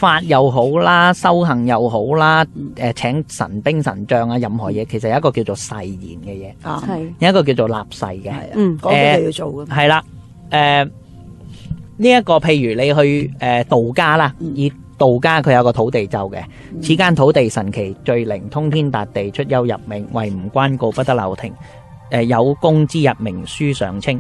法又好啦，修行又好啦，誒請神兵神將啊，任何嘢其實有一個叫做誓言嘅嘢，有一個叫做立誓嘅，講嘅係要做嘅。係啦，誒呢一個譬如你去誒道家啦，而道家佢有個土地咒嘅，此間土地神奇，最靈通天達地，出幽入冥，為唔關告不得留停。誒有功之日名書上清，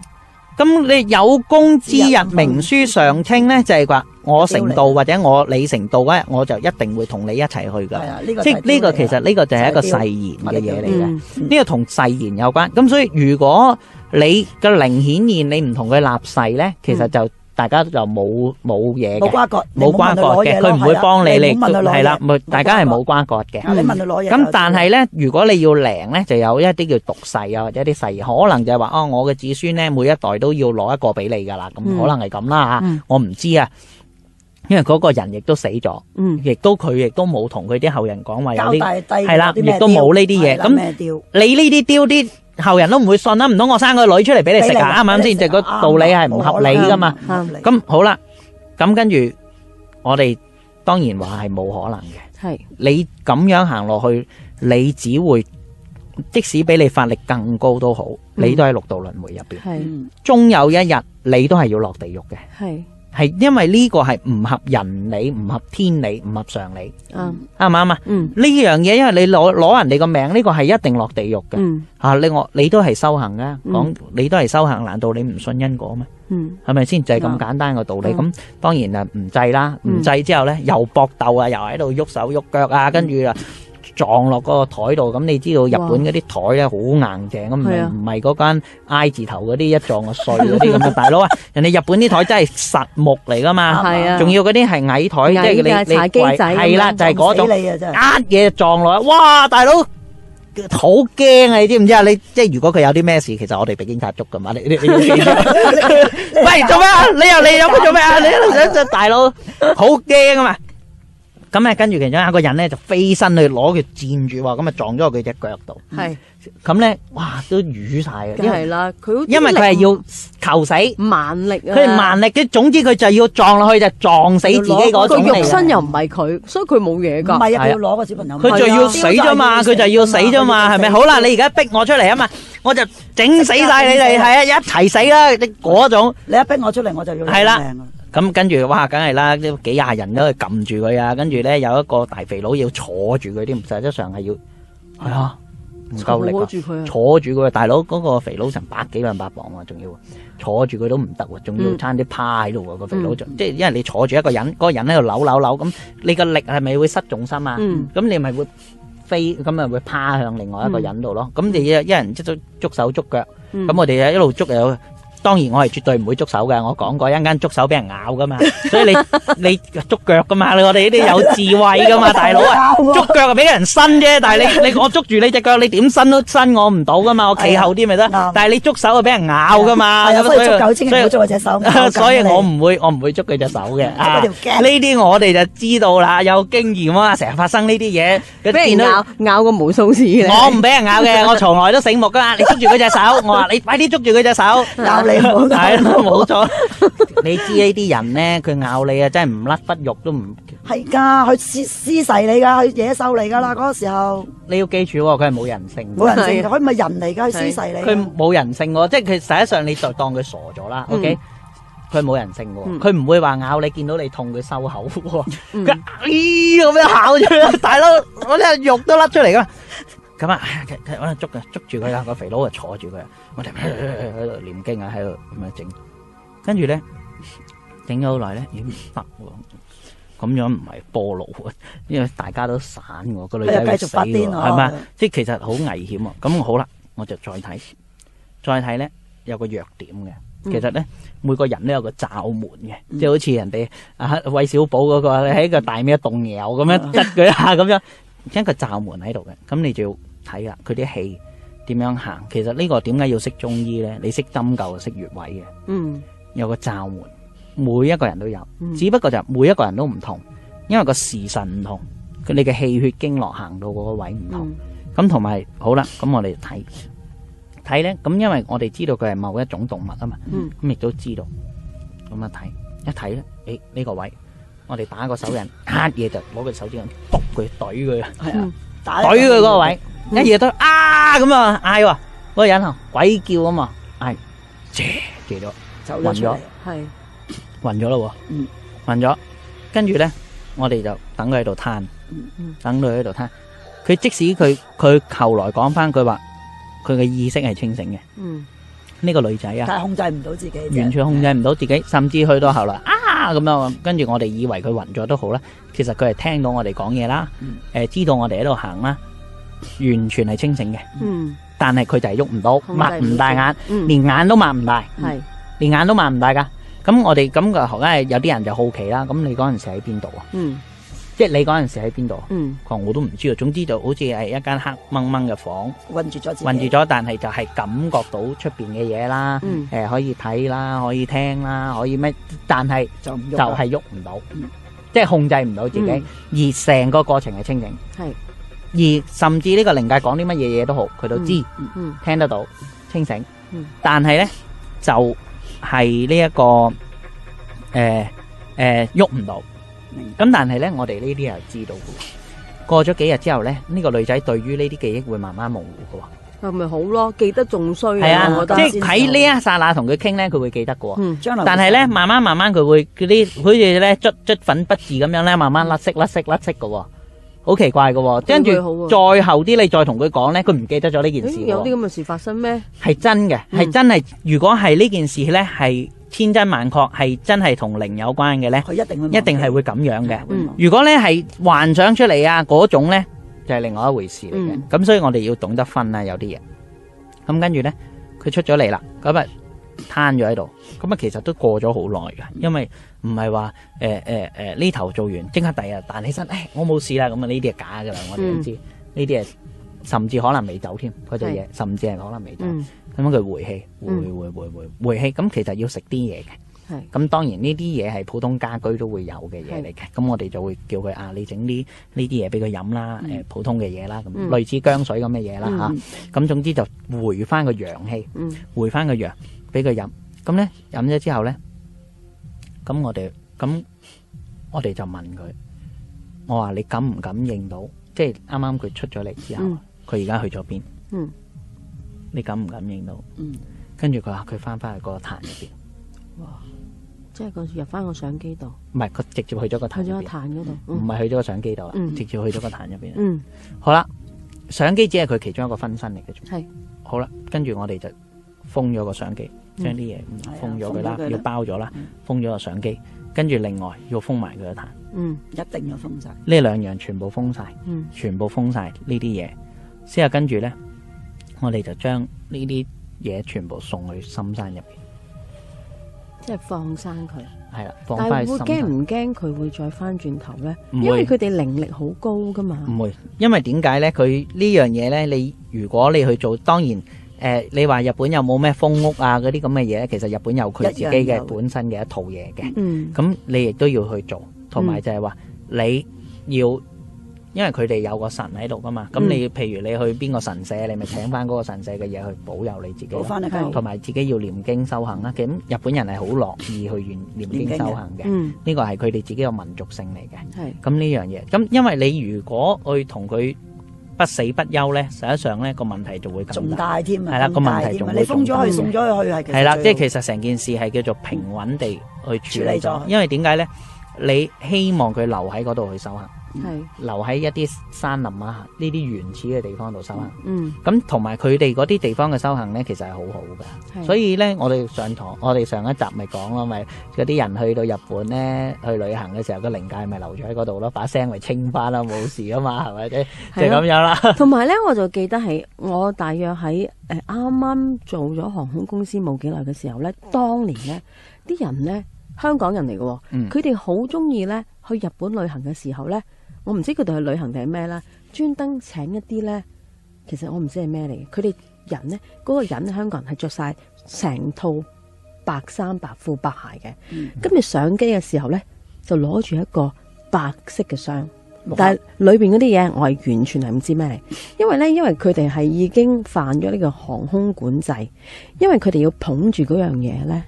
咁你有功之日名書上清呢就係話。我成度或者我你成度咧，我就一定會同你一齊去噶。即係呢個其實呢個就係一個誓言嘅嘢嚟嘅，呢個同誓言有關。咁所以如果你嘅靈顯現，你唔同佢立誓咧，其實就大家就冇冇嘢。冇瓜葛，冇瓜葛嘅，佢唔會幫你，你係啦，大家係冇瓜葛嘅。咁但係咧，如果你要靈咧，就有一啲叫毒誓啊，或者一啲誓可能就係話，哦，我嘅子孫咧每一代都要攞一個俾你噶啦。咁可能係咁啦吓，我唔知啊。因為嗰個人亦都死咗，嗯，亦都佢亦都冇同佢啲後人講話有啲係啦，亦都冇呢啲嘢。咁你呢啲丟啲後人都唔會信啦，唔通我生個女出嚟俾你食啊？啱唔啱先？就個道理係唔合理噶嘛。咁好啦，咁跟住我哋當然話係冇可能嘅。係你咁樣行落去，你只會即使俾你法力更高都好，你都喺六道輪迴入邊，係終有一日你都係要落地獄嘅。係。係因為呢個係唔合人理、唔合天理、唔合常理，啱唔啱啊？呢樣嘢，因為你攞攞人哋個命，呢個係一定落地獄嘅。吓，你我你都係修行㗎，講你都係修行，難道你唔信因果咩？係咪先？就係咁簡單個道理。咁當然啊，唔制啦，唔制之後呢，又搏鬥啊，又喺度喐手喐腳啊，跟住啊。撞落個台度，咁你知道日本嗰啲台咧好硬淨，咁唔唔係嗰間 I 字頭嗰啲一撞就碎嗰啲咁啊，大佬啊！人哋日本啲台真係實木嚟噶嘛，仲要嗰啲係矮台，即係你你係啦，就係嗰種壓嘢撞落，哇！大佬好驚啊！你知唔知啊？你即係如果佢有啲咩事，其實我哋俾警察捉噶嘛？你你你喂，做咩啊？你又你又做咩啊？你喺度想只大佬好驚啊嘛？咁啊，跟住其中有一個人咧，就飛身去攞佢箭住喎，咁啊撞咗佢隻腳度。係，咁咧哇都瘀曬嘅。係啦，佢因為佢係要求死，萬力啊，佢係萬力嘅。總之佢就要撞落去就撞死自己嗰種嚟嘅。個肉身又唔係佢，所以佢冇嘢㗎。唔係要攞個小朋友。佢就要死啫嘛，佢就要死啫嘛，係咪？好啦，你而家逼我出嚟啊嘛，我就整死晒你哋，係啊，一齊死啦！嗰種，你一逼我出嚟我就要。係啦。咁跟住，哇，梗係啦，啲幾廿人都係撳住佢啊！跟住咧，有一個大肥佬要坐住佢，啲實質上係要，係啊，唔夠力啊！坐住佢，大佬嗰個肥佬成百幾兩百磅啊，仲要坐住佢都唔得喎，仲要差啲趴喺度喎。個肥佬就即係因為你坐住一個人，嗰個人喺度扭扭扭咁，你個力係咪會失重心啊？咁你咪會飛，咁咪會趴向另外一個人度咯。咁你一人執咗捉手捉腳，咁我哋啊一路捉有。當然我係絕對唔會捉手嘅，我講過一陣間捉手俾人咬噶嘛，所以你你捉腳噶嘛，我哋呢啲有智慧噶嘛，大佬啊，捉腳係俾人伸啫，但係你你我捉住你隻腳，你點伸都伸我唔到噶嘛，我企後啲咪得，但係你捉手係俾人咬噶嘛，所以我唔會我唔會捉佢隻手嘅，呢啲我哋就知道啦，有經驗啊，成日發生呢啲嘢，俾人咬咬過無數次，我唔俾人咬嘅，我從來都醒目噶嘛，你捉住佢隻手，我話你快啲捉住佢隻手。唔好冇錯。你知呢啲人咧，佢咬你啊，真係唔甩骨肉都唔係噶，佢撕撕噬你噶，佢野獸嚟噶啦，嗰、那個時候。你要記住，佢係冇人性。冇人性，佢唔係人嚟噶，佢撕噬嚟。佢冇人性喎，即係佢實際上你就當佢傻咗啦。O K，佢冇人性喎，佢唔會話咬你，見到你痛佢收口。佢咦咁樣咬咗， 大佬我呢啲肉都甩出嚟啦。咁啊，喺喺喺度捉嘅，捉住佢啦，個肥佬就坐住佢，我哋喺度念經啊，喺度咁樣整。跟住咧整咗好耐咧，已經唔得喎，咁樣唔係破路啊，因為大家都散個女仔繼續發癲啊，係嘛？即係其實好危險啊。咁好啦，我就再睇，再睇咧有個弱點嘅。其實咧每個人都有個罩門嘅，即係好似人哋啊韋小寶嗰個，你喺個大咩洞咬咁樣，執佢一下咁樣。一個罩門喺度嘅，咁你就要睇啦，佢啲氣點樣行？其實呢個點解要識中醫咧？你識針灸就識穴位嘅。嗯，有個罩門，每一個人都有，只不過就每一個人都唔同，因為個時辰唔同，佢你嘅氣血經絡行到嗰個位唔同。咁同埋好啦，咁我哋睇睇咧，咁因為我哋知道佢係某一種動物啊嘛，咁亦都知道，咁啊睇一睇咧，誒，呢個位。我哋打個手印，黑嘢就攞個手指咁，篤佢懟佢啊，懟佢嗰個位，一嘢都啊咁啊嗌喎，嗰個人啊鬼叫啊嘛，係借借咗，暈咗，係暈咗咯，嗯，暈咗，跟住咧我哋就等佢喺度攤，等佢喺度攤，佢即使佢佢後來講翻句話，佢嘅意識係清醒嘅，嗯，呢個女仔啊，但係控制唔到自己，完全控制唔到自己，甚至去到後來。啊咁樣，跟住我哋以為佢暈咗都好啦，其實佢係聽到我哋講嘢啦，誒、嗯呃，知道我哋喺度行啦，完全係清醒嘅，嗯，但係佢就係喐唔到，擘唔大眼，連眼都擘唔大，係，連眼都擘唔大噶，咁我哋咁嘅，好啦，有啲人就好奇啦，咁你嗰陣時喺邊度啊？嗯。即係你嗰陣時喺邊度？嗯，佢我都唔知啊。總之就好似係一間黑掹掹嘅房，困住咗自己，困住咗，但係就係感覺到出邊嘅嘢啦，誒、嗯呃，可以睇啦，可以聽啦，可以咩？但係就就係喐唔到，嗯、即係控制唔到自己。嗯、而成個過程係清醒，係，而甚至呢個靈界講啲乜嘢嘢都好，佢都知嗯，嗯，聽得到清醒。嗯、但係咧就係呢一個誒誒喐唔到。呃呃呃咁但係咧，我哋呢啲係知道嘅。過咗幾日之後咧，呢個女仔對於呢啲記憶會慢慢模糊嘅。係咪好咯，記得仲衰。係啊，即係喺呢一刹那同佢傾咧，佢會記得嘅。嗯，將來。但係咧，慢慢慢慢佢會啲好似咧捽捽粉筆字咁樣咧，慢慢甩色甩色甩色嘅。好奇怪嘅，跟住再後啲你再同佢講咧，佢唔記得咗呢件事。有啲咁嘅事發生咩？係真嘅，係真係。如果係呢件事咧，係。千真萬確，係真係同靈有關嘅咧，佢一定會一定係會咁樣嘅。嗯、如果咧係幻想出嚟啊嗰種咧，就係、是、另外一回事嚟嘅。咁、嗯、所以我哋要懂得分啦，有啲嘢。咁跟住咧，佢出咗嚟啦，咁啊攤咗喺度，咁啊其實都過咗好耐嘅，因為唔係話誒誒誒呢頭做完，即刻第二日彈起身，誒我冇事啦，咁啊呢啲係假噶啦，我哋都知呢啲係。嗯甚至可能未走添，嗰隻嘢，甚至係可能未走，咁樣佢回氣，回回回回回氣，咁其實要食啲嘢嘅，咁當然呢啲嘢係普通家居都會有嘅嘢嚟嘅，咁我哋就會叫佢啊，你整啲呢啲嘢俾佢飲啦，誒普通嘅嘢啦，咁類似薑水咁嘅嘢啦吓，咁總之就回翻個陽氣回翻個陽俾佢飲，咁咧飲咗之後咧，咁我哋咁我哋就問佢，我話你感唔感應到？即係啱啱佢出咗嚟之後。佢而家去咗邊？嗯，你感唔感應到？嗯，跟住佢話佢翻翻去個壇入邊，哇！即係佢入翻個相機度，唔係佢直接去咗個壇嗰度，唔係去咗個相機度啦，直接去咗個壇入邊。嗯，好啦，相機只係佢其中一個分身嚟嘅。係好啦，跟住我哋就封咗個相機，將啲嘢封咗佢啦，要包咗啦，封咗個相機，跟住另外要封埋佢個壇。嗯，一定要封晒。呢兩樣，全部封晒，全部封晒呢啲嘢。之後跟住咧，我哋就將呢啲嘢，全部送去深山入邊，即係放生佢。係啦，但係會驚唔驚佢會再翻轉頭咧？因為佢哋靈力好高噶嘛。唔會，因為點解咧？佢呢樣嘢咧，你如果你去做，當然，誒，你話日本有冇咩風屋啊嗰啲咁嘅嘢？其實日本有佢自己嘅本身嘅一套嘢嘅。嗯。咁你亦都要去做，同埋就係話你要，因為佢哋有個神喺度噶嘛，咁你譬如你去邊個神社，你咪請翻嗰個神社嘅嘢去保佑你自己，同埋自己要念經修行啦。咁日本人係好樂意去念念經修行嘅，呢個係佢哋自己嘅民族性嚟嘅。咁呢樣嘢，咁因為你如果去同佢不死不休咧，實際上咧個問題就會更大添，係啦，個問題仲會大添。你封咗佢，送咗佢去係，係啦，即係其實成件事係叫做平穩地去處理咗。因為點解咧？你希望佢留喺嗰度去修行。係是留喺一啲山林啊，呢啲原始嘅地方度修行。嗯，咁同埋佢哋嗰啲地方嘅修行咧，其實係好好噶。是所以咧，我哋上堂，我哋上一集咪講咯，咪嗰啲人去到日本咧，去旅行嘅時候，個靈界咪留咗喺嗰度咯，把聲咪清翻啦，冇事啊嘛，係咪即係咁樣啦。同埋咧，我就記得係我大約喺誒啱啱做咗航空公司冇幾耐嘅時候咧，當年咧啲人咧，香港人嚟嘅，佢哋好中意咧去日本旅行嘅時候咧。我唔知佢哋去旅行定係咩啦，專登請一啲咧，其實我唔知係咩嚟嘅。佢哋人咧，嗰、那個人香港人係着晒成套白衫、白褲、白鞋嘅。跟住上機嘅時候咧，就攞住一個白色嘅箱，哇但係裏邊嗰啲嘢，我係完全係唔知咩嚟。因為咧，因為佢哋係已經犯咗呢個航空管制，因為佢哋要捧住嗰樣嘢咧，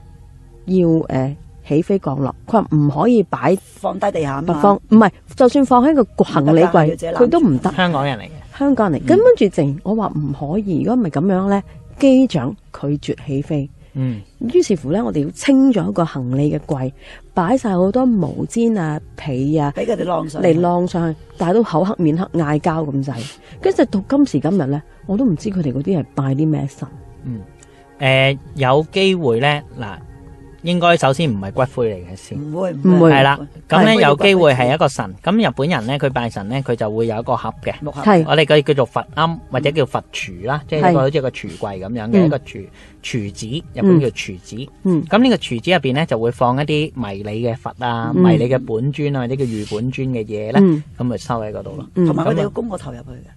要誒。呃起飛降落，佢話唔可以擺放低地下放，不唔係，就算放喺個行李櫃，佢行都唔得。香港人嚟嘅，香港人嚟跟住正話。我話唔可以，如果唔係咁樣咧，機長拒絕起飛。嗯，於是乎咧，我哋要清咗一個行李嘅櫃，擺晒好多毛氈啊、被啊，俾佢哋晾上嚟晾上去，嗯、但係都口黑面黑，嗌交咁滯。跟住到今時今日咧，我都唔知佢哋嗰啲係拜啲咩神。嗯，誒、嗯，有機會咧嗱。應該首先唔係骨灰嚟嘅先，唔會唔會係啦。咁咧，有機會係一個神。咁日本人咧，佢拜神咧，佢就會有一個盒嘅，木盒？我哋啲叫做佛龕或者叫佛櫥啦，即係應該好似個櫥櫃咁樣嘅一個櫥櫥子，日本叫櫥子。咁呢個櫥子入邊咧，就會放一啲迷你嘅佛啊、迷你嘅本尊啊或者叫御本尊嘅嘢咧，咁咪收喺嗰度咯。同埋佢哋要供個頭入去嘅。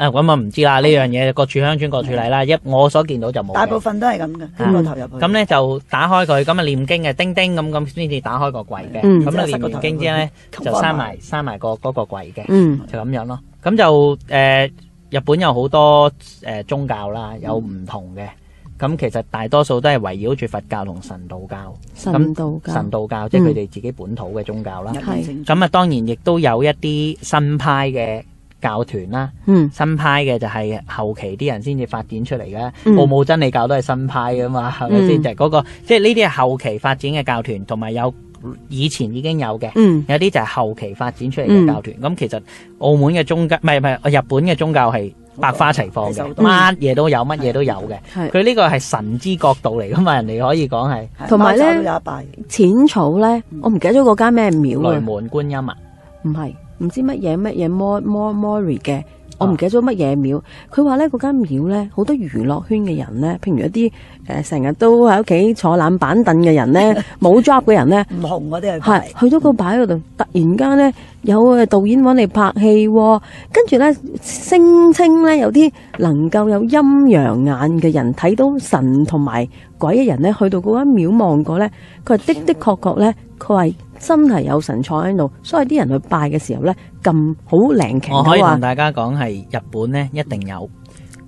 啊，咁啊唔知啦，呢樣嘢各處鄉村各處嚟啦。一我所見到就冇，大部分都係咁嘅，咁個投入。咁咧就打開佢，咁啊念經嘅叮叮咁咁先至打開個櫃嘅。咁啊唸經之後咧，就閂埋閂埋個嗰個櫃嘅。嗯，就咁樣咯。咁就誒日本有好多誒宗教啦，有唔同嘅。咁其實大多數都係圍繞住佛教同神道教。神道教。神道教即係佢哋自己本土嘅宗教啦。係。咁啊當然亦都有一啲新派嘅。教團啦，新派嘅就係後期啲人先至發展出嚟嘅。奧姆真理教都係新派噶嘛，係咪先？就係嗰個，即係呢啲係後期發展嘅教團，同埋有以前已經有嘅，有啲就係後期發展出嚟嘅教團。咁其實澳門嘅宗教，唔係唔係，日本嘅宗教係百花齊放嘅，乜嘢都有，乜嘢都有嘅。佢呢個係神之國度嚟噶嘛？人哋可以講係，同埋咧，淺草咧，我唔記得咗嗰間咩廟，雷門觀音啊？唔係。唔知乜嘢乜嘢 more m o r r e 嘅，我唔記得咗乜嘢廟。佢話咧，嗰間廟咧，好多娛樂圈嘅人咧，譬如一啲誒成日都喺屋企坐冷板凳嘅人咧，冇 job 嘅人咧，唔紅嗰啲係。去到個牌嗰度，嗯、突然間咧有誒導演搵你拍戲、哦，跟住咧聲稱咧有啲能夠有陰陽眼嘅人睇到神同埋鬼嘅人咧，去到嗰間廟望過咧，佢的的確確咧佢係。真係有神坐喺度，所以啲人去拜嘅時候呢，咁好靈奇嘅我可以同大家講係日本呢，一定有，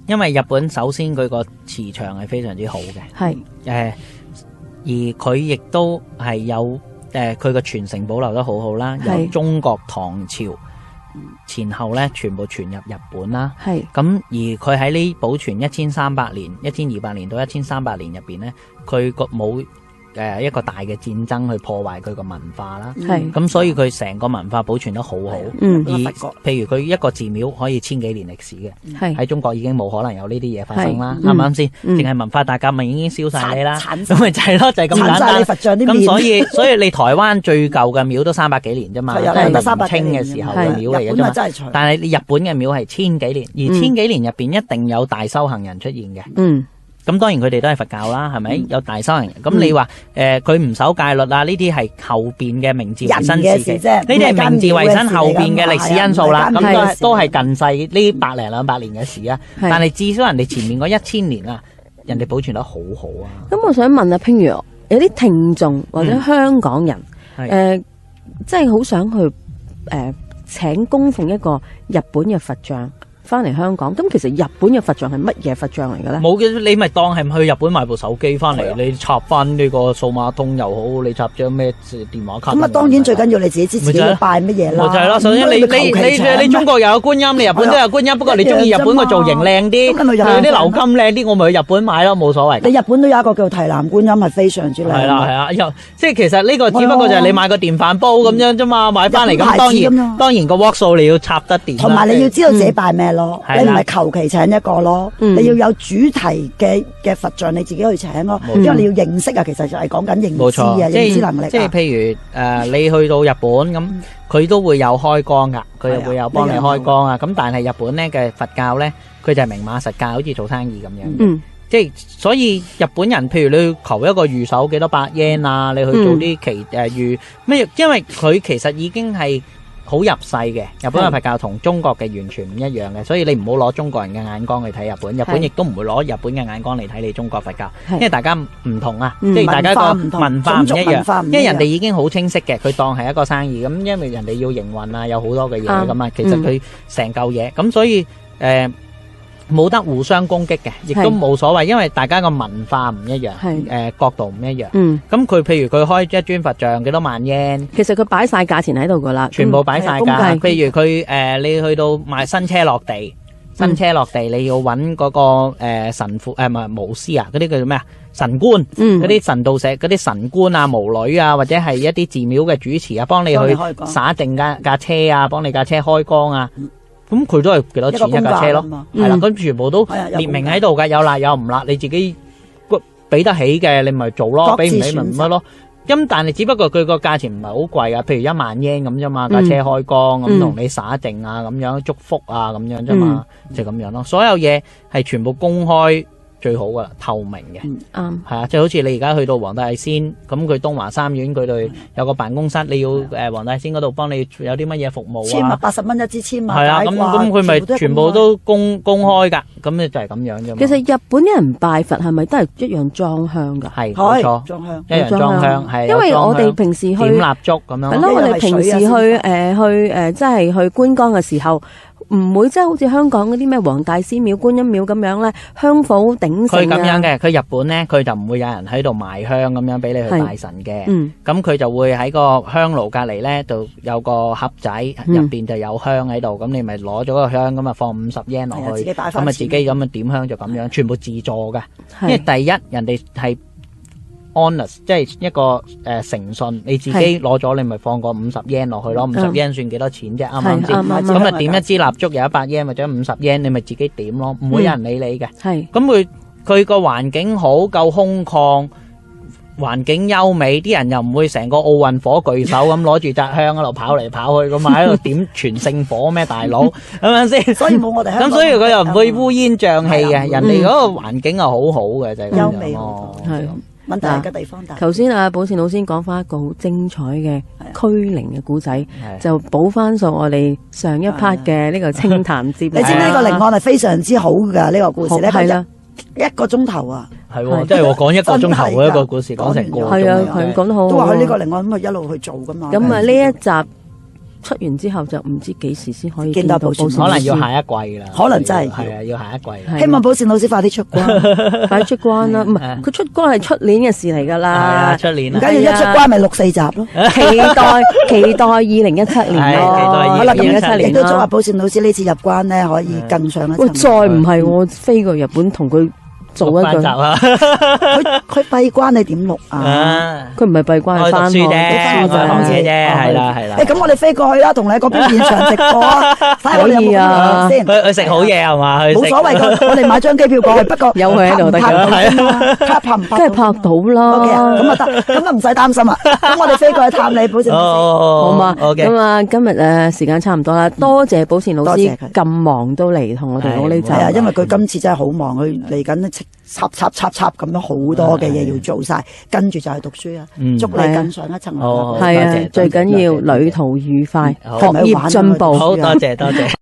因為日本首先佢個磁場係非常之好嘅，係誒是，而佢亦都係有誒，佢個傳承保留得好好啦，由中國唐朝前後呢，全部傳入日本啦，係咁是而佢喺呢保存一千三百年、一千二百年到一千三百年入邊呢，佢個冇。誒，一個大嘅戰爭去破壞佢個文化啦，咁所以佢成個文化保存得好好。嗯，而譬如佢一個寺廟可以千幾年歷史嘅，喺中國已經冇可能有呢啲嘢發生啦，啱唔啱先？淨係文化大革命已經燒晒你啦，咁咪就係咯，就係咁簡單。咁所以所以你台灣最舊嘅廟都三百幾年啫嘛，清嘅時候嘅廟嚟嘅，但係你日本嘅廟係千幾年，而千幾年入邊一定有大修行人出現嘅。嗯。咁當然佢哋都係佛教啦，係咪？有大修行人。咁你話誒佢唔守戒律啊？呢啲係後邊嘅明治維新時期嘅，呢啲係明治維新後邊嘅歷史因素啦。咁都係都係近世呢百零兩百年嘅事啊。但係至少人哋前面嗰一千年啊，人哋保存得好好啊。咁我想問啊，譬如有啲聽眾或者香港人，誒，即係好想去誒請供奉一個日本嘅佛像。翻嚟香港，咁其實日本嘅佛像係乜嘢佛像嚟嘅咧？冇嘅，你咪當係去日本買部手機翻嚟，你插翻呢個數碼通又好，你插張咩電話卡？咁啊，當然最緊要你自己知自己拜乜嘢啦。就係啦，首先你你你你中國有觀音，你日本都有觀音，不過你中意日本個造型靚啲，佢啲鎏金靚啲，我咪去日本買咯，冇所謂。你日本都有一個叫提籃觀音，係非常之靚。係啦，係啊，又即係其實呢個只不過就係你買個電飯煲咁樣啫嘛，買翻嚟咁當然當然個 watt 數你要插得電，同埋你要知道自己拜咩咯。你唔係求其請一個咯，你要有主題嘅嘅佛像，你自己去請咯，因為你要認識啊，其實就係講緊認知啊，認知能力啊。即係譬如誒，你去到日本咁，佢都會有開光噶，佢又會有幫你開光啊。咁但係日本咧嘅佛教咧，佢就係明碼實價，好似做生意咁樣嘅。即係所以日本人，譬如你要求一個御守幾多百 yen 啊，你去做啲祈誒御咩？因為佢其實已經係。好入世嘅，日本嘅佛教同中國嘅完全唔一樣嘅，所以你唔好攞中國人嘅眼光去睇日本，日本亦都唔會攞日本嘅眼光嚟睇你中國佛教，因為大家唔同啊，即係大家個文化唔一樣，因為人哋已經好清晰嘅，佢當係一個生意咁，因為人哋要營運啊，有好多嘅嘢咁啊，其實佢成嚿嘢，咁所以誒。冇得互相攻擊嘅，亦都冇所謂，因為大家個文化唔一樣，誒係、呃、角度唔一樣。嗯，咁佢譬如佢開一尊佛像幾多萬 yen 其實佢擺晒價錢喺度噶啦，全部擺晒價錢。嗯、譬如佢誒、呃，你去到買新車落地，新車落地你要揾嗰、嗰個、呃、神父誒唔係巫師啊，嗰啲叫做咩啊神官，嗰啲、嗯、神道社，嗰啲神官啊巫女啊，或者係一啲寺廟嘅主持啊，幫你去灑定架架車啊，幫你架車開光啊。咁佢都係幾多錢一架車咯？係啦，咁全部都列明喺度㗎，有辣有唔辣，你自己個俾得起嘅，你咪做咯；俾唔起咪唔乜咯。咁但係只不過佢個價錢唔係好貴啊，譬如一萬 yen 咁啫嘛，架車開光咁同你撒定啊，咁樣祝福啊，咁樣啫嘛，就咁樣咯。所有嘢係全部公開，最好嘅透明嘅，嗯，係啊！即係好似你而家去到黃大仙，咁佢東華三院佢哋有個辦公室，你要誒黃大仙嗰度幫你有啲乜嘢服務啊？簽物八十蚊一支簽物，係啊！咁咁佢咪全部都公公開㗎？咁咧就係咁樣啫。其實日本啲人拜佛係咪都係一樣裝香㗎？係冇錯，裝香一樣裝香。香香因為我哋平時去點蠟燭咁樣。係咯，我哋平時去誒去誒，即係去觀光嘅時候。唔會即係、就是、好似香港嗰啲咩黃大仙廟、觀音廟咁樣咧，香火鼎盛佢、啊、咁樣嘅，佢日本咧佢就唔會有人喺度賣香咁樣俾你去拜神嘅。嗯，咁佢就會喺個香爐隔離咧，就有個盒仔入邊就有香喺度。咁、嗯、你咪攞咗個香咁啊，放五十 yen 落去，咁啊自己咁啊點香就咁樣，的全部自助嘅。因的為第一人哋係。Honest 即係一個誒誠信，你自己攞咗你咪放個五十 yen 落去咯，五十 yen 算幾多錢啫，啱唔啱先？咁啊點一支蠟燭有一百 yen 或者五十 yen，你咪自己點咯，唔會有人理你嘅。係咁佢佢個環境好夠空曠，環境優美，啲人又唔會成個奧運火炬手咁攞住擲香嗰度跑嚟跑去噶嘛，喺度點全聖火咩大佬，係咪先？所以冇我哋咁，所以佢又唔會烏煙瘴氣嘅，人哋嗰個環境係好好嘅就係咁樣。問題嘅地方大。頭先啊，寶善老師講翻一個好精彩嘅驅靈嘅故仔，就補翻上我哋上一 part 嘅呢個清談節。你知唔知呢個靈案係非常之好噶？呢個故事咧係啦，一個鐘頭啊，係，即係我講一個鐘頭一個故事，講成係啊，佢講得好，都話佢呢個靈案咁啊一路去做噶嘛。咁啊呢一集。出完之後就唔知幾時先可以見到寶善老師，可能要下一季啦。可能真係，係啊，要下一季。希望寶善老師快啲出關，快啲出關啦。唔係，佢出關係出年嘅事嚟㗎啦。係啊，出年。唔緊要，一出關咪六四集咯。期待，期待二零一七年，期待二零一七年。啦，都祝下寶善老師呢次入關咧，可以更上一層。再唔係我飛過日本同佢做一句，佢佢閉關你點錄啊？佢唔係閉關，翻書啫，翻書講嘢啫，係啦係啦。誒，咁我哋飛過去啦，同你嗰邊現場直播，可以啊，先，去食好嘢係嘛？冇所謂噶，我哋買張機票過去。不過有佢喺度，拍唔拍到？拍唔拍唔？梗係拍到啦。咁啊得，咁啊唔使擔心啦。咁我哋飛過去探你，寶善。哦，好嘛，咁啊，今日誒時間差唔多啦。多謝寶善老師咁忙都嚟同我哋講呢集。係啊，因為佢今次真係好忙，佢嚟緊。插插插插咁樣好多嘅嘢要做晒，跟住就去讀書啊，嗯、祝你更上一層樓。係啊，最緊要謝旅途愉快，好學業進步、啊。好多謝多謝。多謝